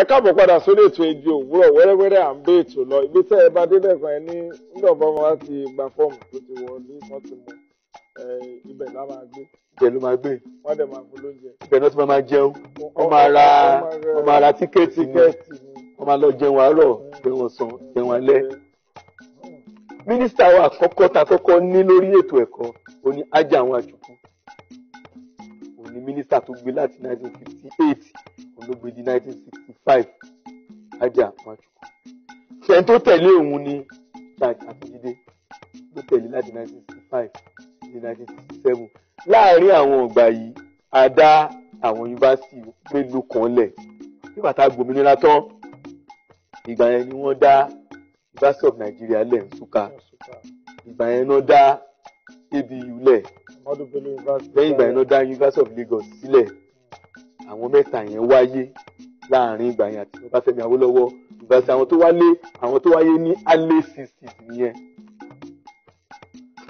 ẹ káàbọ̀ padà sórí ètò èdè òwúrọ̀ wẹ́rẹ́wẹ́rẹ́ à ń bẹ ètò lọ ibi tẹ́ ẹ bá dé lẹ́kàn ẹ ní nígbà bọ́mọ wá ti gba fọ́ọ̀mù tó ti wọlé wọ́n ti mọ ibẹ̀ la máa gbé. ibẹ̀ ló máa gbé. wọ́n dẹ̀ máa fún lóúnjẹ. ibẹ̀ náà ti wọ́n máa ra wọ́n máa ra tíkẹ́ẹ̀tì ni wọ́n máa lọ jẹun àárọ̀ jẹun ọ̀sán jẹun alẹ́. mínísítà wa àkọ́kọ́ ta kọ́kọ́ ní lórí ètò ẹ̀kọ́ ni mínísítà tó gbé láti 1958 olóògbé di 1965 ajá machukwu ṣẹ́ni tó tẹ̀lé òun ni taj àfijide tó tẹ̀lé láti 1965 di 1967 láàárín àwọn ọ̀gbà yìí a dá àwọn yunifásitì mélòó kan lẹ̀ nígbà tá a gbòmìnira tán ìgbà yẹn ni wọ́n dá yunifásitì of Nigeria lẹ̀ suka ìgbà yẹn náà dá ABU lẹ̀ ọdún pẹ̀lú yunifásitì. lẹ́yìn ìgbà yẹn ló dá University of Lagos sílẹ̀ àwọn mẹ́ta yẹn wáyé láàrin ìgbà yẹn àti Ọbáfẹ́mi Awólọ́wọ̀ University àwọn tó wálé àwọn tó wáyé ní alẹ́ sixties nìyẹn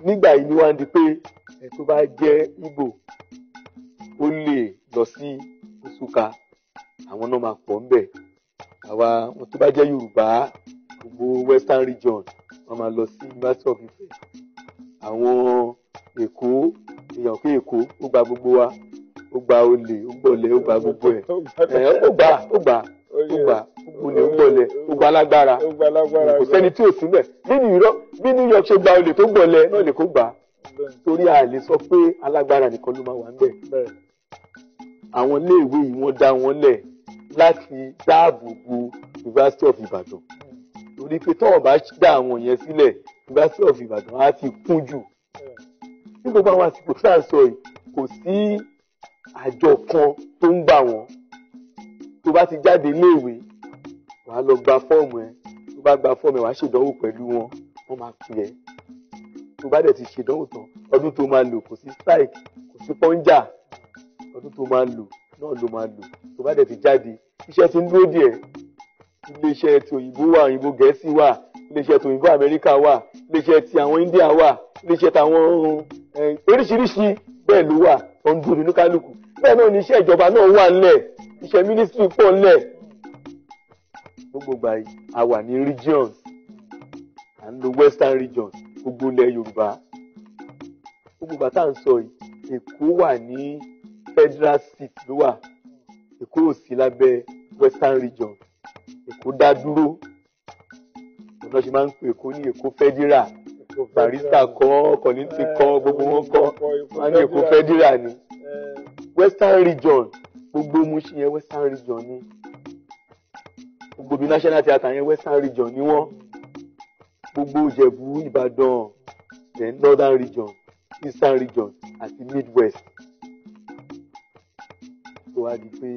nígbà yìí ni wá ń di pé ẹ tó bá jẹ́ Ìgbò ó lè lọ sí Nsukka àwọn náà máa pọ̀ ńbẹ̀ àwa wọn tó bá jẹ́ Yorùbá gbogbo Western region wọ́n máa lọ sí University of Ife àwọn Èkó èèyàn pé èkó ó gba gbogbo wa ó gba olè ó gbọ̀lẹ̀ ó gba gbogbo ẹ̀ ẹ̀ ó gbà ó gbà ó gbà olè ó gbọ̀lẹ̀ ó gba alágbára kò sẹ́ni tí ò síbẹ̀ nínú irọ́ bí New York ṣe gba olè tó gbọ̀lẹ̀ náà lè kó gbà á torí a lè sọ pé alágbára nìkan ló máa wà ń bẹ̀ àwọn iléèwé yìí wọ́n dá wọn lẹ̀ láti dáàbò bo University of Ibadan torí pé tọ́wọ́ bá dá àwọn yẹn sílẹ̀ University of Ibadan á ti kún jù ní gbogbo àwọn àsìkò tá à ń sọ yìí kò sí àjọ kan tó ń gbà wọ́n tó bá ti jáde iléèwé wàá lọ gba fọ́ọ̀mù ẹ tó bá gba fọ́ọ̀mù ẹ wàá ṣèdánwò pẹ̀lú wọn wọ́n máa pè ẹ́ tó bá dẹ̀ ti ṣèdánwò tán ọdún tó máa lò kò sí strike kò sí pọ́njà ọdún tó máa lò náà ló máa lò tó bá dẹ̀ ti jáde iṣẹ́ ti ń dúró díẹ̀ iléeṣẹ́ ti òyìnbó wà òyìnbó gẹ̀ẹ́sì wà iléeṣẹ́ ti òyìnbó amẹ́ríkà wà iléeṣẹ́ ti àwọn india wà iléeṣẹ́ ti àwọn oríṣiríṣi bẹ́ẹ̀ ló wà tó ń dúró nínú kálukú bẹ́ẹ̀ náà ni iṣẹ́ ìjọba náà wà ńlẹ̀ iṣẹ́ mínísítírì pọ̀ ńlẹ̀ gbogbo gbà a wà ní regions à ń lo western regions gbogbo ilẹ̀ Yorùbá gbogbo gbà tá à ń sọ yìí Èkó wà ní federal seat ló wà Èkó ò sí lábẹ́ western region Èkó dá dúró ọ̀nà ṣe máa ń pè Èkó ní Èkó federal barista kọ́ kọ́nìtì kọ́ gbogbo wọn kọ́ wọn ní èkó fẹ́dírà ni western region gbogbo Mushin yẹn western region ni gbogbo bí national theatre yẹn western region ni wọ́n gbogbo Ìjẹ̀bú Ìbàdàn then northern region eastern region àti midwest tó wá di pé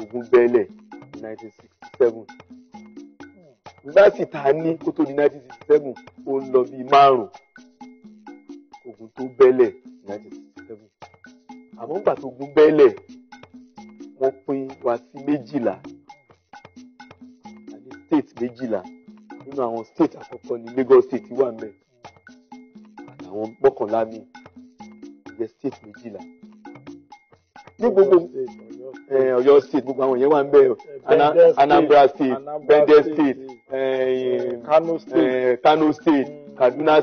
ogun bẹ́lẹ̀ nineteen sixty seven yunifásitì tá a ní kó tó di nineteen sixty seven ó lọ bíi márùn ogun tó bẹ́lẹ̀ nineteen àmọ́ nígbà tó gun bẹ́lẹ̀ wọ́n pín wa sí méjìlá àti state méjìlá nínú àwọn state àkọ́kọ́ ní Lagos state wà mẹ́ àtàwọn mọ́kànlá mi ìyẹn state méjìlá ní gbogbo eh, Ọ̀yọ́ state gbogbo àwọn yẹn wà ń bẹ Anambra state Bendel state Kano State eh, Kano State Kaduna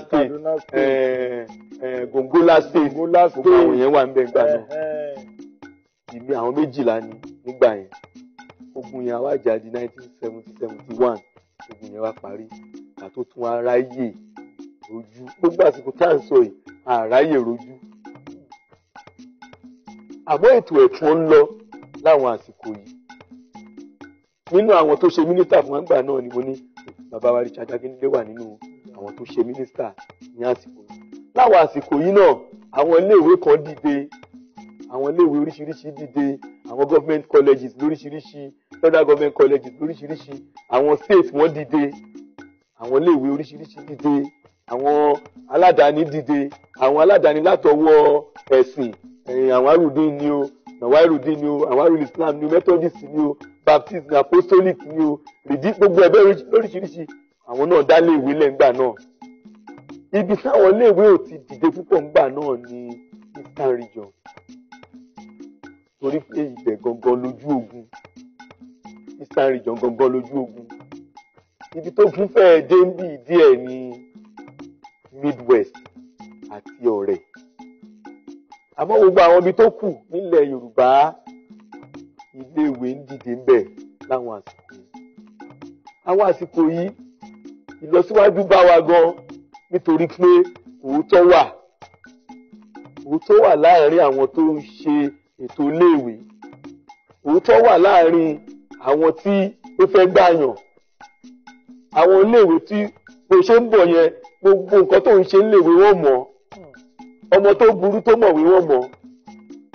eh, eh, State Gongola State gbogbo àwọn yẹn wà níbẹ̀ gbà náà ìmí àwọn méjìlá ni nígbà yẹn ogun yẹn wá jà di nineteen seventy seventy one ogun yẹn wá parí àtó tún aráyè rojú gbogbo àsìkò tá à ń sọ yìí àráyè rojú àmọ́ ètò ẹ̀tún ń lọ láwọn àsìkò yìí nínú àwọn tó ṣe mínísítà fún àgbà náà ni mo ní bàbá wa Richard Akíndélé wà nínú àwọn tó ṣe mínísítà ní àsìkò yìí láwọn àsìkò yìí náà àwọn iléèwé kan dìde àwọn iléèwé oríṣiríṣi dìde àwọn government colleges lóríṣiríṣi federal government colleges lóríṣiríṣi àwọn state wọn dìde àwọn iléèwé oríṣiríṣi dìde àwọn aládàáni dìde àwọn aládàáni látọwọ́ ẹ̀sìn àwọn arúgbìn ni o nàwáìrùdín ni o àwárùn islam ni o methodist ni o baptist ni apostolic ni o rìdí gbogbo ẹ̀bẹ̀ lóríṣiríṣi àwọn náà dá léèwé lẹ́ngbà náà ibi táwọn léèwé ò ti dìde púpọ̀ ńgbà náà ni eastern region torí pé ibẹ̀ gangan lójú ogun eastern region gangan lójú ogun ibi tó gún fẹ́ẹ́ dé ń bì díẹ̀ ni midwest àti ọ̀rẹ́ àmọ́ gbogbo àwọn ibi tó kù nílẹ̀ yorùbá bá iléèwé ń dìde ń bẹ̀ láwọn àsìkò yìí. àwọn àsìkò yìí ìlọsíwájú bá wa gan nítorí pé òótọ́ wà òótọ́ wà láàrin àwọn tó ń ṣe ètò iléèwé òótọ́ wà láàrin àwọn tí ó fẹ́ gbàyàn àwọn iléèwé tí bó ṣe ń bọ̀ yẹn gbogbo nǹkan tó ń ṣe iléèwé wọ́n mọ̀ ọmọ tó burú tó mọ̀wé wọ́n mọ̀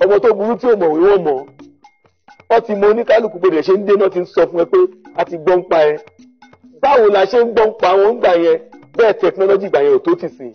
ọmọ tó burú tí ò mọ̀ ìwọ mọ̀ wọ́n ti mọ oníkálukú gbèdè ṣe ń dé náà ti ń sọ fún ẹ pé a ti gbọ́n pa ẹ báwo la ṣe ń gbọ́n pa wọn gbà yẹn bẹ́ẹ̀ tẹkinọ́lọ́jì gbà yẹn ò tó ti sìn